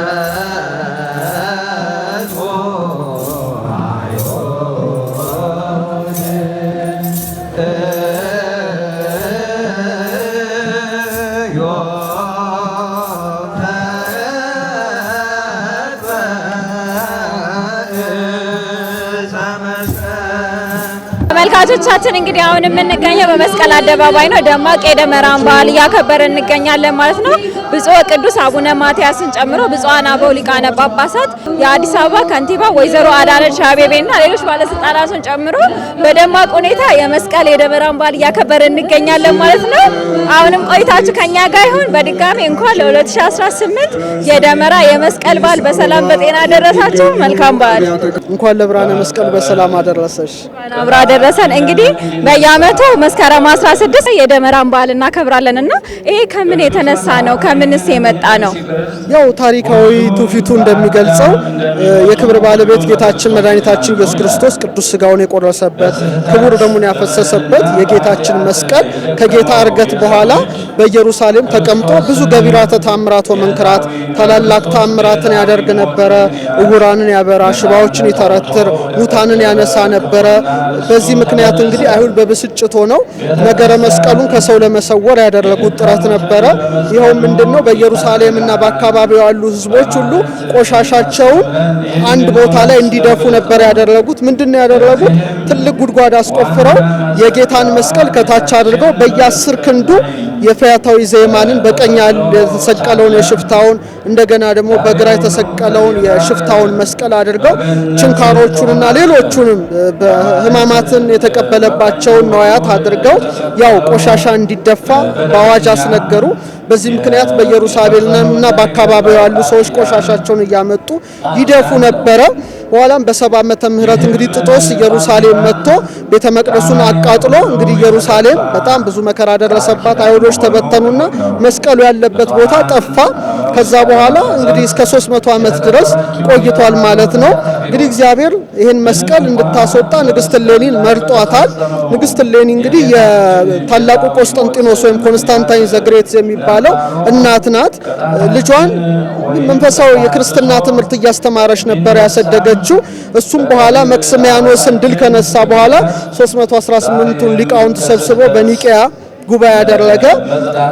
uh... ቻችን እንግዲህ አሁን የምንገኘው በመስቀል አደባባይ ነው። ደማቅ የደመራን በዓል እያከበርን እንገኛለን ማለት ነው። ብፁዕ ቅዱስ አቡነ ማትያስን ጨምሮ ብፁዓን አበው ሊቃነ ጳጳሳት፣ የአዲስ አበባ ከንቲባ ወይዘሮ አዳነች አቤቤና ሌሎች ባለስልጣናቱን ጨምሮ በደማቅ ሁኔታ የመስቀል የደመራን በዓል እያከበርን እንገኛለን ማለት ነው። አሁንም ቆይታችሁ ከኛ ጋር ይሁን። በድጋሚ እንኳን ለ2018 የደመራ የመስቀል በዓል በሰላም በጤና አደረሳችሁ። መልካም በዓል። እንኳን ለብርሃነ መስቀል በሰላም አደረሰሽ። አብራ ደረሰን እንግዲህ በየአመቱ መስከረም 16 የደመራን በዓል እናከብራለን እና ይሄ ከምን የተነሳ ነው? ከምንስ የመጣ ነው? ያው ታሪካዊ ትውፊቱ እንደሚገልጸው የክብር ባለቤት ጌታችን መድኃኒታችን ኢየሱስ ክርስቶስ ቅዱስ ስጋውን የቆረሰበት ክቡር ደሙን ያፈሰሰበት የጌታችን መስቀል ከጌታ እርገት በኋላ በኢየሩሳሌም ተቀምጦ ብዙ ገቢራተ ታምራት ወመንክራት ታላላቅ ታምራትን ያደርግ ነበረ። እውራንን ያበራ፣ ሽባዎችን ይተረትር፣ ሙታንን ያነሳ ነበረ። በዚህ ምክንያት ማለት እንግዲህ አይሁድ በብስጭት ሆነው ነገረ መስቀሉን ከሰው ለመሰወር ያደረጉት ጥረት ነበረ። ይኸው ምንድነው በኢየሩሳሌም በኢየሩሳሌምና በአካባቢው ያሉ ህዝቦች ሁሉ ቆሻሻቸውን አንድ ቦታ ላይ እንዲደፉ ነበር ያደረጉት። ምንድነው ያደረጉት? ትልቅ ጉድጓድ አስቆፍረው የጌታን መስቀል ከታች አድርገው በየአስር ክንዱ የፈያታዊ ዘየማንን በቀኝ የተሰቀለውን የሽፍታውን እንደገና ደግሞ በግራ የተሰቀለውን የሽፍታውን መስቀል አድርገው ችንካሮቹንና ሌሎቹንም ህማማትን የተቀበለባቸውን ነዋያት አድርገው ያው ቆሻሻ እንዲደፋ በአዋጅ አስነገሩ። በዚህ ምክንያት በኢየሩሳሌምና በአካባቢው ያሉ ሰዎች ቆሻሻቸውን እያመጡ ይደፉ ነበረ። በኋላም በሰባ ዓመተ ምህረት እንግዲህ ጥጦስ ኢየሩሳሌም መጥቶ ቤተ መቅደሱን አቃጥሎ እንግዲህ ኢየሩሳሌም በጣም ብዙ መከራ ደረሰባት አይሁዶ ሰዎች ተበተኑና መስቀሉ ያለበት ቦታ ጠፋ። ከዛ በኋላ እንግዲህ እስከ 300 ዓመት ድረስ ቆይቷል ማለት ነው። እንግዲህ እግዚአብሔር ይህን መስቀል እንድታስወጣ ንግስት ሌኒን መርጧታል። ንግስት ሌኒ እንግዲህ የታላቁ ቆስጠንጢኖስ ወይም ኮንስታንታይን ዘግሬት የሚባለው እናት ናት። ልጇን መንፈሳዊ የክርስትና ትምህርት እያስተማረች ነበር ያሰደገችው። እሱም በኋላ መክስሚያኖስን ድል ከነሳ በኋላ 318ቱን ሊቃውንት ሰብስቦ በኒቄያ ጉባኤ ያደረገ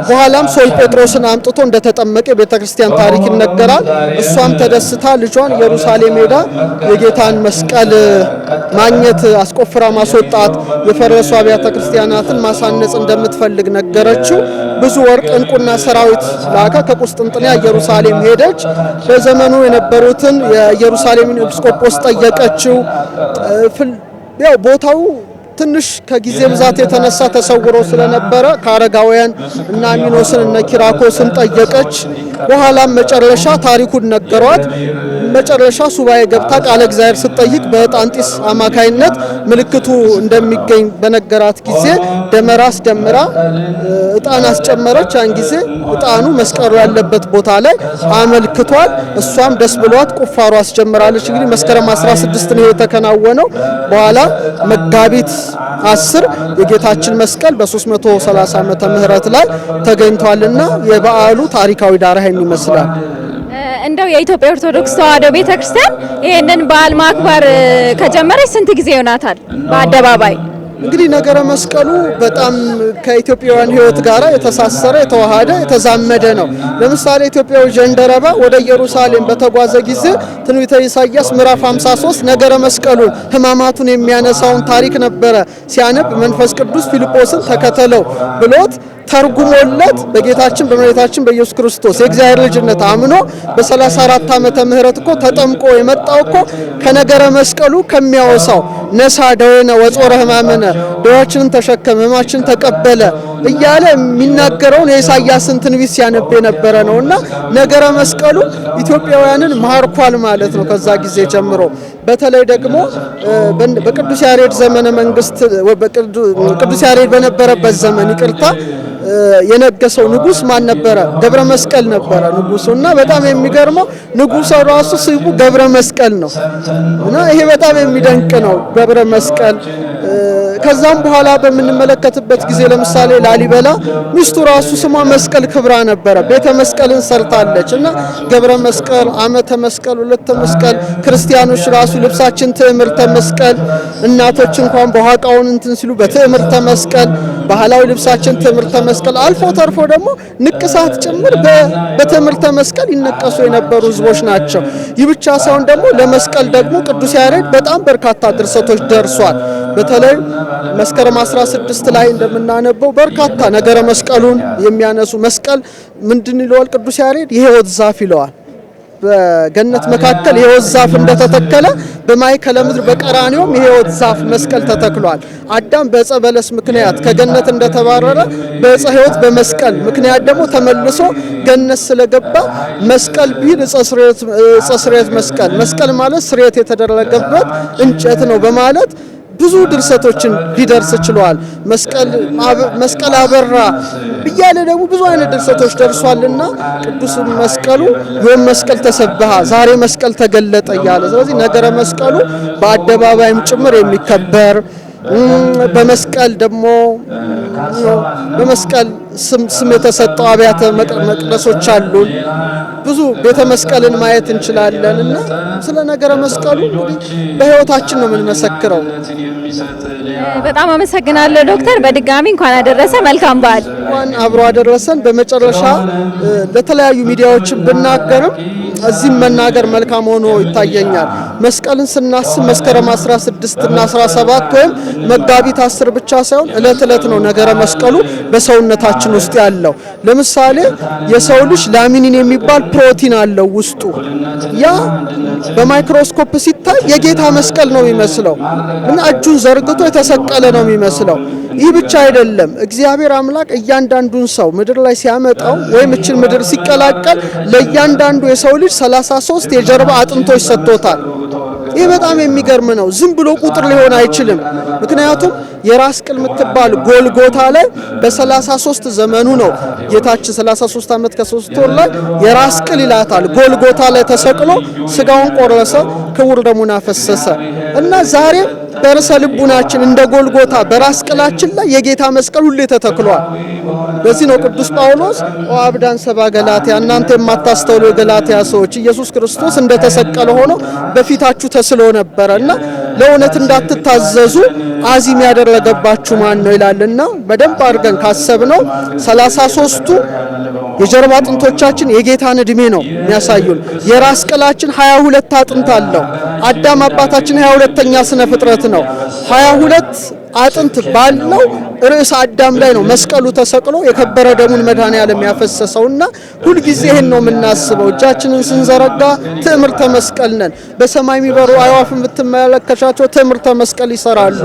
በኋላም ሶል ጴጥሮስን አምጥቶ እንደተጠመቀ የቤተ ክርስቲያን ታሪክ ይነገራል። እሷም ተደስታ ልጇን ኢየሩሳሌም ሄዳ የጌታን መስቀል ማግኘት አስቆፍራ ማስወጣት፣ የፈረሱ አብያተ ክርስቲያናትን ማሳነጽ እንደምትፈልግ ነገረችው። ብዙ ወርቅ፣ እንቁና ሰራዊት ላከ። ከቁስጥንጥንያ ኢየሩሳሌም ሄደች። በዘመኑ የነበሩትን የኢየሩሳሌምን ኤጲስቆጶስ ጠየቀችው። ያው ቦታው ትንሽ ከጊዜ ብዛት የተነሳ ተሰውሮ ስለነበረ ከአረጋውያን እና ሚኖስን እነ ኪራኮስን ጠየቀች። በኋላም መጨረሻ ታሪኩን ነገሯት። መጨረሻ ሱባኤ ገብታ ቃለ እግዚአብሔር ስትጠይቅ በዕጣን ጢስ አማካይነት ምልክቱ እንደሚገኝ በነገራት ጊዜ ደመራ አስደምራ ዕጣን አስጨመረች። ያን ጊዜ ዕጣኑ መስቀሉ ያለበት ቦታ ላይ አመልክቷል። እሷም ደስ ብሏት ቁፋሮ አስጀምራለች። እንግዲህ መስከረም 16 ነው የተከናወነው። በኋላ መጋቢት 10 የጌታችን መስቀል በ330 ዓመተ ምህረት ላይ ተገኝቷልና የበዓሉ ታሪካዊ ዳራ ይመስላል። እንደው የኢትዮጵያ ኦርቶዶክስ ተዋሕዶ ቤተክርስቲያን ይህንን በዓል ማክበር ከጀመረች ስንት ጊዜ ይሆናታል? በአደባባይ እንግዲህ ነገረ መስቀሉ በጣም ከኢትዮጵያውያን ሕይወት ጋር የተሳሰረ የተዋሃደ የተዛመደ ነው። ለምሳሌ ኢትዮጵያዊ ጀንደረባ ወደ ኢየሩሳሌም በተጓዘ ጊዜ ትንቢተ ኢሳይያስ ምዕራፍ 53 ነገረ መስቀሉን ሕማማቱን የሚያነሳውን ታሪክ ነበረ ሲያነብ መንፈስ ቅዱስ ፊልጶስን ተከተለው ብሎት ተርጉሞለት በጌታችን በመሬታችን በኢየሱስ ክርስቶስ የእግዚአብሔር ልጅነት አምኖ በ34 ዓመተ ምህረት እኮ ተጠምቆ የመጣው እኮ ከነገረ መስቀሉ ከሚያወሳው ነሳ ደዌነ ወጾረ ሕማመነ ደዌያችንን ተሸከመ ሕማችን ተቀበለ እያለ የሚናገረውን የኢሳያስን ትንቢት ሲያነብ የነበረ ነውና ነገረ መስቀሉ ኢትዮጵያውያንን ማርኳል ማለት ነው ከዛ ጊዜ ጀምሮ በተለይ ደግሞ በቅዱስ ያሬድ ዘመነ መንግስት ቅዱስ ያሬድ በነበረበት ዘመን ይቅርታ የነገሰው ንጉስ ማን ነበረ? ገብረ መስቀል ነበረ ንጉሱ። እና በጣም የሚገርመው ንጉሱ ራሱ ስሙ ገብረ መስቀል ነው እና ይሄ በጣም የሚደንቅ ነው። ገብረ መስቀል ከዛም በኋላ በምንመለከትበት ጊዜ ለምሳሌ ላሊበላ ሚስቱ ራሱ ስሟ መስቀል ክብራ ነበረ። ቤተ መስቀልን ሰርታለች እና ገብረ መስቀል፣ አመተ መስቀል፣ ሁለተ መስቀል ክርስቲያኖች ራሱ ልብሳችን ትዕምርተ መስቀል እናቶች እንኳን በኋቃውን እንትን ሲሉ በትዕምርተ መስቀል ባህላዊ ልብሳችን ትዕምርተ መስቀል አልፎ ተርፎ ደግሞ ንቅሳት ጭምር በትምህርተ መስቀል ይነቀሱ የነበሩ ህዝቦች ናቸው። ይህ ብቻ ሳይሆን ደግሞ ለመስቀል ደግሞ ቅዱስ ያሬድ በጣም በርካታ ድርሰቶች ደርሷል። በተለይ መስከረም 16 ላይ እንደምናነበው በርካታ ነገረ መስቀሉን የሚያነሱ መስቀል ምንድን ይለዋል ቅዱስ ያሬድ የሕይወት ዛፍ ይለዋል። በገነት መካከል የሕይወት ዛፍ እንደተተከለ በማዕከለ ምድር በቀራኒውም የሕይወት ዛፍ መስቀል ተተክሏል። አዳም በዕፀ በለስ ምክንያት ከገነት እንደተባረረ በዕፀ በመስቀል ምክንያት ደግሞ ተመልሶ ገነት ስለገባ መስቀል ቢል ዕፀ ስርየት መስቀል መስቀል ማለት ስርየት የተደረገበት እንጨት ነው በማለት ብዙ ድርሰቶችን ሊደርስ ችሏል። መስቀል አበራ እያለ ደግሞ ብዙ አይነት ድርሰቶች ደርሷልና ቅዱስ መስቀሉ ዮም መስቀል ተሰብሃ ዛሬ መስቀል ተገለጠ እያለ ስለዚህ ነገረ መስቀሉ በአደባባይም ጭምር የሚከበር በመስቀል ደግሞ በመስቀል ስም የተሰጠው አብያተ መቅደሶች አሉ ብዙ ቤተ መስቀልን ማየት እንችላለን እና ስለ ነገረ መስቀሉ በህይወታችን ነው የምንመሰክረው። በጣም አመሰግናለሁ ዶክተር። በድጋሚ እንኳን አደረሰ፣ መልካም በዓል። እንኳን አብሮ አደረሰን። በመጨረሻ ለተለያዩ ሚዲያዎችን ብናገርም እዚህም መናገር መልካም ሆኖ ይታየኛል። መስቀልን ስናስብ መስከረም 16 እና 17 ወይም መጋቢት 10 ብቻ ሳይሆን እለት እለት ነው ነገረ መስቀሉ በሰውነታችን ውስጥ ያለው። ለምሳሌ የሰው ልጅ ላሚኒን የሚባል ፕሮቲን አለው ውስጡ። ያ በማይክሮስኮፕ ሲታይ የጌታ መስቀል ነው የሚመስለው እና እጁን ዘርግቶ የተሰቀለ ነው የሚመስለው። ይህ ብቻ አይደለም። እግዚአብሔር አምላክ እያንዳንዱን ሰው ምድር ላይ ሲያመጣው ወይም እችን ምድር ሲቀላቀል ለእያንዳንዱ የሰው ልጅ ልጅ 33 የጀርባ አጥንቶች ሰጥቶታል። ይህ በጣም የሚገርም ነው። ዝም ብሎ ቁጥር ሊሆን አይችልም። ምክንያቱም የራስ ቅል የምትባል ጎልጎታ ላይ በ33 ዘመኑ ነው ጌታችን 33 ዓመት ከሶስት ወር ላይ የራስ ቅል ይላታል ጎልጎታ ላይ ተሰቅሎ ስጋውን ቆረሰ፣ ክቡር ደሙን አፈሰሰ እና ዛሬም በርዕሰ ልቡናችን እንደ ጎልጎታ በራስ ቅላችን ላይ የጌታ መስቀል ሁሌ ተተክሏል። በዚህ ነው ቅዱስ ጳውሎስ አብዳን ሰባ ገላትያ፣ እናንተ የማታስተውሉ የገላትያ ሰዎች ኢየሱስ ክርስቶስ እንደተሰቀለ ሆኖ በፊታችሁ ተስሎ ነበረ እና ለእውነት እንዳትታዘዙ አዚም ያደረገባችሁ ማን ነው ይላልና በደንብ አድርገን ካሰብነው ሰላሳ ሶስቱ የጀርባ አጥንቶቻችን የጌታን እድሜ ነው የሚያሳዩን። የራስ ቅላችን ሀያ ሁለት አጥንት አለው። አዳም አባታችን ሀያ ሁለተኛ ስነ ፍጥረት ነው 22 አጥንት ባለው ርዕሰ አዳም ላይ ነው መስቀሉ ተሰቅሎ የከበረ ደሙን መድኃኔዓለም ያፈሰሰውና ሁልጊዜ ይህን ነው የምናስበው። እጃችንን ስንዘረጋ ትዕምርተ መስቀል ነን። በሰማይ የሚበሩ አዕዋፍን ብትመለከቻቸው ትዕምርተ መስቀል ይሰራሉ።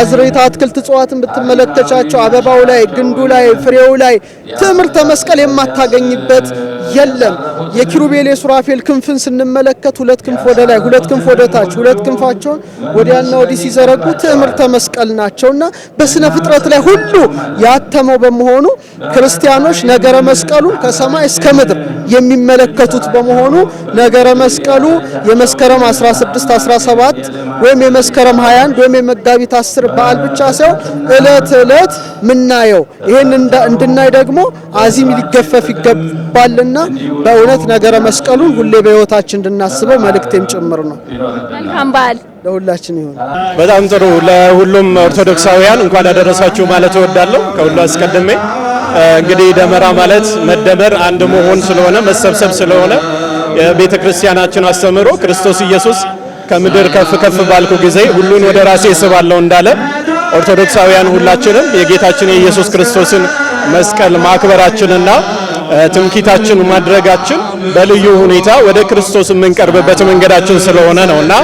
አዝርዕት፣ አትክልት፣ እጽዋትን ብትመለከቻቸው አበባው ላይ፣ ግንዱ ላይ፣ ፍሬው ላይ ትዕምርተ መስቀል የማታገኝበት የለም። የኪሩቤል የሱራፌል ክንፍን ስንመለከት ሁለት ክንፍ ወደ ላይ፣ ሁለት ክንፍ ወደ ታች፣ ሁለት ክንፋቸውን ወዲያና ወዲህ ሲዘረጉ ትዕምርተ መስቀል አካል ናቸውና በስነ ፍጥረት ላይ ሁሉ ያተመው በመሆኑ ክርስቲያኖች ነገረ መስቀሉን ከሰማይ እስከ ምድር የሚመለከቱት በመሆኑ ነገረ መስቀሉ የመስከረም 16 17 ወይም የመስከረም 21 ወይም የመጋቢት 10 በዓል ብቻ ሳይሆን እለት እለት ምናየው ይህን እንድናይ ደግሞ አዚም ሊገፈፍ ይገባልና በእውነት ነገረ መስቀሉ ሁሌ በህይወታችን እንድናስበው መልእክቴም ጭምር ነው። መልካም በዓል ለሁላችን ይሁን። በጣም ጥሩ። ለሁሉም ኦርቶዶክሳውያን እንኳን አደረሳችሁ ማለት እወዳለሁ ከሁሉ አስቀድሜ እንግዲህ ደመራ ማለት መደመር አንድ መሆን ስለሆነ መሰብሰብ ስለሆነ የቤተ ክርስቲያናችን አስተምህሮ ክርስቶስ ኢየሱስ ከምድር ከፍ ከፍ ባልኩ ጊዜ ሁሉን ወደ ራሴ ስባለሁ እንዳለ ኦርቶዶክሳውያን ሁላችንም የጌታችን የኢየሱስ ክርስቶስን መስቀል ማክበራችንና ትምኪታችን ማድረጋችን በልዩ ሁኔታ ወደ ክርስቶስ የምንቀርብበት መንገዳችን ስለሆነ ነው እና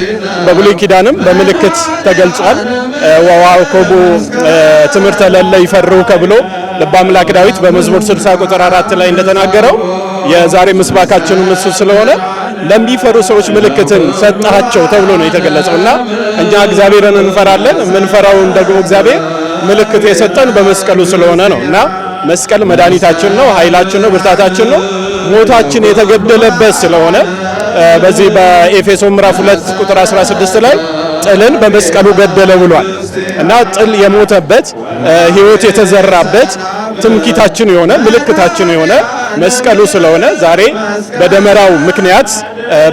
በብሉይ ኪዳንም በምልክት ተገልጿል። ወዋኮቡ ትምህርተ ለለ ይፈሩ ከብሎ ልበ አምላክ ዳዊት በመዝሙር 60 ቁጥር 4 ላይ እንደተናገረው የዛሬ ምስባካችን እሱ ስለሆነ ለሚፈሩ ሰዎች ምልክትን ሰጣቸው ተብሎ ነው የተገለጸውና እኛ እግዚአብሔርን እንፈራለን። የምንፈራውን ደግሞ እግዚአብሔር ምልክት የሰጠን በመስቀሉ ስለሆነ ነው እና መስቀል መድኃኒታችን ነው፣ ኃይላችን ነው፣ ብርታታችን ነው። ሞታችን የተገደለበት ስለሆነ በዚህ በኤፌሶ ምዕራፍ 2 ቁጥር 16 ላይ ጥልን በመስቀሉ ገደለ ብሏል እና ጥል የሞተበት ህይወት የተዘራበት ትምኪታችን የሆነ ምልክታችን የሆነ መስቀሉ ስለሆነ ዛሬ በደመራው ምክንያት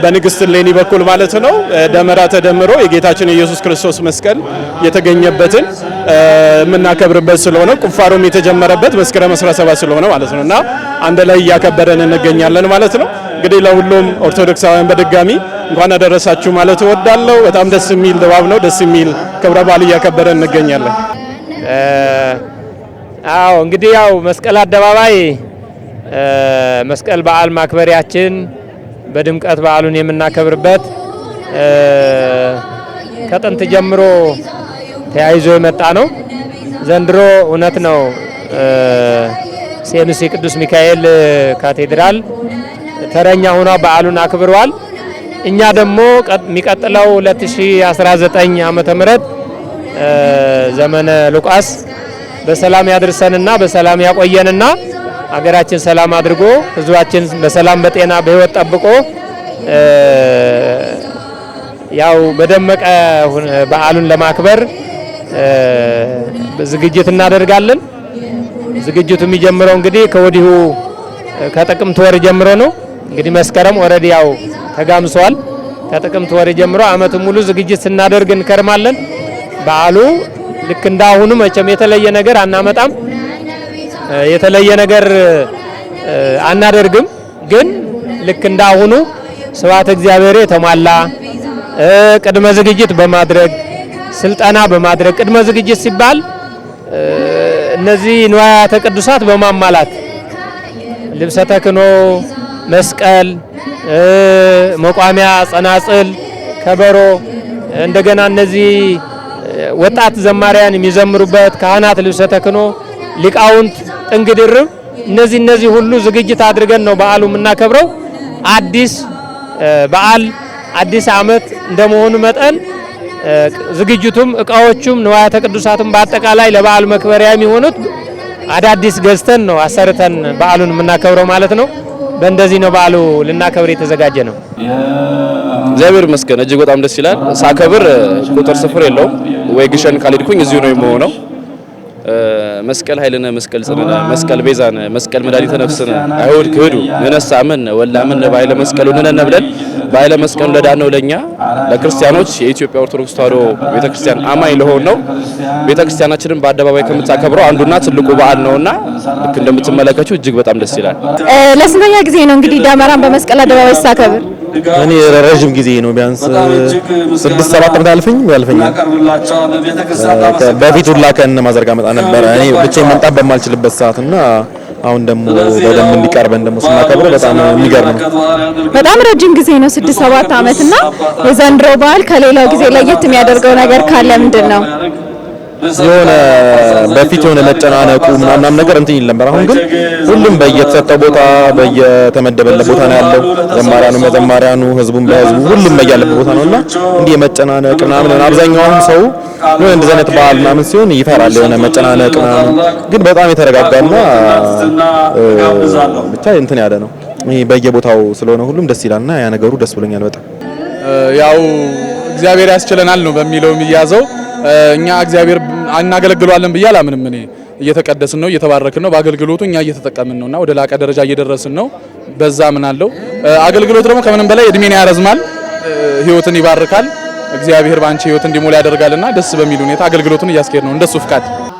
በንግስት ሌኒ በኩል ማለት ነው ደመራ ተደምሮ የጌታችን ኢየሱስ ክርስቶስ መስቀል የተገኘበትን የምናከብርበት ስለሆነ ቁፋሮም የተጀመረበት መስከረም 17 ስለሆነ ማለት ነው እና አንድ ላይ እያከበረን እንገኛለን ማለት ነው። እንግዲህ ለሁሉም ኦርቶዶክሳውያን በድጋሚ እንኳን አደረሳችሁ ማለት እወዳለሁ። በጣም ደስ የሚል ድባብ ነው። ደስ የሚል ክብረ በዓል እያከበረ እንገኛለን። አዎ እንግዲህ ያው መስቀል አደባባይ መስቀል በዓል ማክበሪያችን በድምቀት በዓሉን የምናከብርበት ከጥንት ጀምሮ ተያይዞ የመጣ ነው። ዘንድሮ እውነት ነው ሴኑስ የቅዱስ ሚካኤል ካቴድራል ተረኛ ሆኗ በዓሉን አክብሯል። እኛ ደግሞ የሚቀጥለው 2019 ዓመተ ምህረት ዘመነ ሉቃስ በሰላም ያድርሰንና በሰላም ያቆየንና አገራችን ሰላም አድርጎ ህዝባችን በሰላም በጤና በህይወት ጠብቆ ያው በደመቀ በዓሉን ለማክበር ዝግጅት እናደርጋለን። ዝግጅቱ የሚጀምረው እንግዲህ ከወዲሁ ከጥቅምት ወር ጀምሮ ነው። እንግዲህ መስከረም ወረድ ያው ተጋምሰዋል። ከጥቅምት ወር ጀምሮ አመት ሙሉ ዝግጅት ስናደርግ እንከርማለን። በዓሉ ልክ እንዳሁኑ መቼም የተለየ ነገር አናመጣም፣ የተለየ ነገር አናደርግም። ግን ልክ እንዳሁኑ ስብሐተ እግዚአብሔር የተሟላ ቅድመ ዝግጅት በማድረግ ስልጠና በማድረግ ቅድመ ዝግጅት ሲባል እነዚህ ንዋያተ ቅዱሳት በማሟላት ልብሰ ተክኖ። መስቀል፣ መቋሚያ፣ ጸናጽል፣ ከበሮ እንደገና እነዚህ ወጣት ዘማሪያን የሚዘምሩበት ካህናት ልብሰ ተክህኖ፣ ሊቃውንት ጥንግ ድርብ እነዚህ እነዚህ ሁሉ ዝግጅት አድርገን ነው በዓሉ የምናከብረው። አዲስ በዓል አዲስ ዓመት እንደመሆኑ መጠን ዝግጅቱም እቃዎቹም ንዋያተ ቅዱሳቱም በአጠቃላይ ለበዓሉ መክበሪያ የሚሆኑት አዳዲስ ገዝተን ነው አሰርተን በዓሉን የምናከብረው ማለት ነው። በእንደዚህ ነው በዓሉ ልናከብር የተዘጋጀ ነው። እግዚአብሔር ይመስገን እጅግ በጣም ደስ ይላል። ሳከብር ቁጥር ስፍር የለውም ወይ ግሸን ካልሄድኩኝ እዚሁ ነው የምሆነው። መስቀል ኃይልነ መስቀል ጽንዕነ መስቀል ቤዛነ መስቀል መድኃኒተ ነፍስነ አይሁድ ክህዱ ንነሳ አመነ ወላ በኃይለ መስቀሉ ንነነ ብለን በኃይለ መስቀሉ ለዳነው ለእኛ ለክርስቲያኖች የኢትዮጵያ ኦርቶዶክስ ተዋሕዶ ቤተክርስቲያን አማኝ ለሆን ነው። ቤተክርስቲያናችንን በአደባባይ ከምታከብረው አንዱና ትልቁ በዓል ነውና ልክ እንደምትመለከቱ እጅግ በጣም ደስ ይላል። ለስንተኛ ጊዜ ነው እንግዲህ ደመራን በመስቀል አደባባይ ስታከብር? እኔ ረዥም ጊዜ ነው ቢያንስ ስድስት ሰባት ዓመት አልፈኝ ያልፈኝ በፊት ሁላ ከእነ ማዘርጋ መጣ ነበረ። እኔ ብቻ መምጣት በማልችልበት ሰዓት እና አሁን ደግሞ በደንብ እንዲቀርበን ደግሞ ስናከብረው በጣም የሚገርም በጣም ረጅም ጊዜ ነው ስድስት ሰባት ዓመት እና የዘንድሮ በዓል ከሌላው ጊዜ ለየት የሚያደርገው ነገር ካለ ምንድን ነው? የሆነ በፊት የሆነ መጨናነቁ ምናምን ነገር እንትን ይል ነበር። አሁን ግን ሁሉም በየተሰጠው ቦታ በየተመደበለት ቦታ ነው ያለው። ዘማሪያኑ መዘማሪያኑ፣ ህዝቡን በህዝቡ፣ ሁሉም በያለበት ቦታ ነውና እንዲህ የመጨናነቅ ምናምን አብዛኛውን ሰው ነው እንደዚህ አይነት በዓል ምናምን ሲሆን ይፈራል፣ የሆነ መጨናነቅ ምናምን። ግን በጣም የተረጋጋና ብቻ እንትን ያለ ነው ይሄ በየቦታው ስለሆነ ሁሉም ደስ ይላልና ያ ነገሩ ደስ ብሎኛል በጣም ያው እግዚአብሔር ያስችለናል ነው በሚለው የሚያዘው እኛ እግዚአብሔር እናገለግለዋለን ብዬ አላምንም እኔ እየተቀደስን ነው፣ እየተባረክን ነው። በአገልግሎቱ እኛ እየተጠቀምን ነውና ወደ ላቀ ደረጃ እየደረስን ነው። በዛ ምን አለው አገልግሎት ደግሞ ከምንም በላይ እድሜን ያረዝማል፣ ህይወትን ይባርካል። እግዚአብሔር ባንቺ ህይወት እንዲሞላ ያደርጋልና ደስ በሚል ሁኔታ አገልግሎቱን እያስኬድ ነው እንደሱ ፍቃድ